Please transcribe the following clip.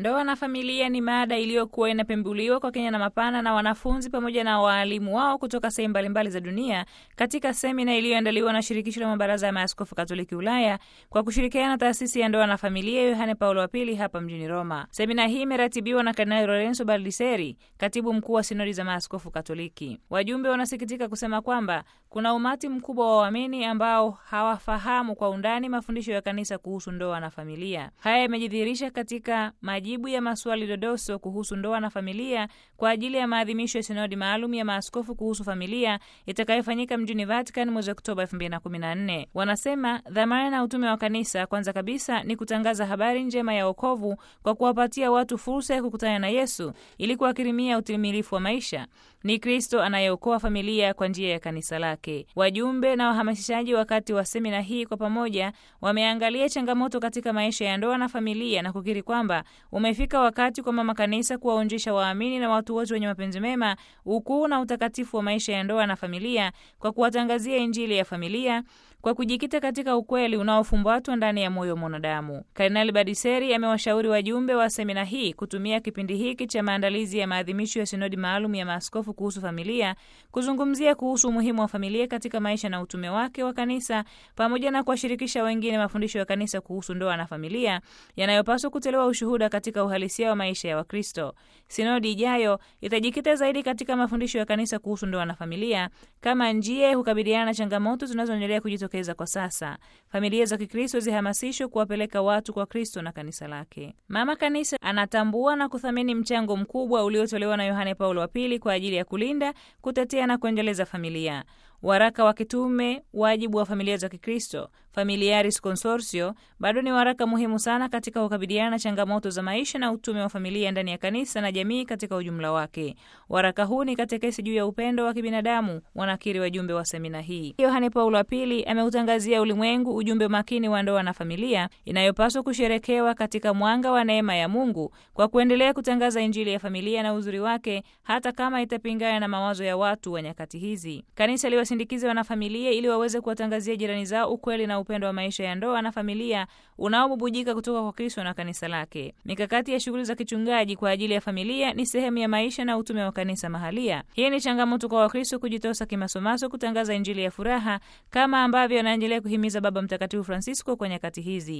Ndoa na familia ni mada iliyokuwa inapembuliwa kwa Kenya na mapana na wanafunzi pamoja na waalimu wao kutoka sehemu mbalimbali za dunia katika semina iliyoandaliwa na shirikisho la mabaraza ya maaskofu Katoliki Ulaya kwa kushirikiana na taasisi ya ndoa na familia Yohane Paulo wa Pili hapa mjini Roma. Semina hii imeratibiwa na Kardinali Lorenzo Baldiseri, katibu mkuu wa sinodi za maaskofu Katoliki. Wajumbe wanasikitika kusema kwamba kuna umati mkubwa wa waamini ambao hawafahamu kwa undani mafundisho ya kanisa kuhusu ndoa na familia. Haya yamejidhihirisha katika maji majibu ya maswali dodoso kuhusu ndoa na familia kwa ajili ya maadhimisho ya sinodi maalum ya maaskofu kuhusu familia itakayofanyika mjini Vatican mwezi Oktoba 2014. Wanasema dhamana na utume wa kanisa kwanza kabisa ni kutangaza habari njema ya wokovu kwa kuwapatia watu fursa ya kukutana na Yesu ili kuwakirimia utimilifu wa maisha. Ni Kristo anayeokoa familia kwa njia ya kanisa lake. Wajumbe na wahamasishaji wakati wa semina hii kwa pamoja wameangalia changamoto katika maisha ya ndoa na familia na kukiri kwamba Umefika wakati kwa mama kanisa kuwaonjesha waamini na watu wote wenye mapenzi mema ukuu na utakatifu wa maisha ya ndoa na familia kwa kuwatangazia Injili ya familia kwa kujikita katika ukweli unaofumbatwa ndani ya moyo wa mwanadamu. Kardinali Badiseri amewashauri wajumbe wa semina hii kutumia kipindi hiki cha maandalizi ya maadhimisho ya sinodi maalum ya maaskofu kuhusu familia kuzungumzia kuhusu umuhimu wa familia katika maisha na utume wake wa kanisa pamoja na kuwashirikisha wengine mafundisho ya kanisa kuhusu ndoa na familia yanayopaswa kutolewa ushuhuda katika uhalisia wa maisha ya Wakristo. Sinodi ijayo itajikita zaidi katika mafundisho ya kanisa kuhusu ndoa na familia kama njia ya kukabiliana na changamoto zinazoendelea kujitokeza kwa sasa. Familia za Kikristo zihamasishwe kuwapeleka watu kwa Kristo na kanisa lake. Mama Kanisa anatambua na kuthamini mchango mkubwa uliotolewa na Yohane Paulo wa Pili kwa ajili ya kulinda, kutetea na kuendeleza familia. Waraka wa kitume wajibu wa familia za Kikristo Familiaris Consorcio bado ni waraka muhimu sana katika kukabiliana na changamoto za maisha na utume wa familia ndani ya kanisa na jamii katika ujumla wake. Waraka huu ni katekesi juu ya upendo wa kibinadamu, wanakiri wajumbe wa semina hii. Yohane Paulo wa Pili ameutangazia ulimwengu ujumbe makini wa ndoa na familia inayopaswa kusherekewa katika mwanga wa neema ya Mungu kwa kuendelea kutangaza Injili ya familia na uzuri wake, hata kama itapingana na mawazo ya watu wa nyakati hizi. Kanisa liwasindikize wanafamilia ili waweze kuwatangazia jirani zao ukweli na upendo wa maisha ya ndoa na familia unaobubujika kutoka kwa Kristo na kanisa lake. Mikakati ya shughuli za kichungaji kwa ajili ya familia ni sehemu ya maisha na utume wa kanisa mahalia. Hii ni changamoto kwa Wakristo kujitosa kimasomaso kutangaza Injili ya furaha kama ambavyo anaendelea kuhimiza Baba Mtakatifu Francisco kwa nyakati hizi.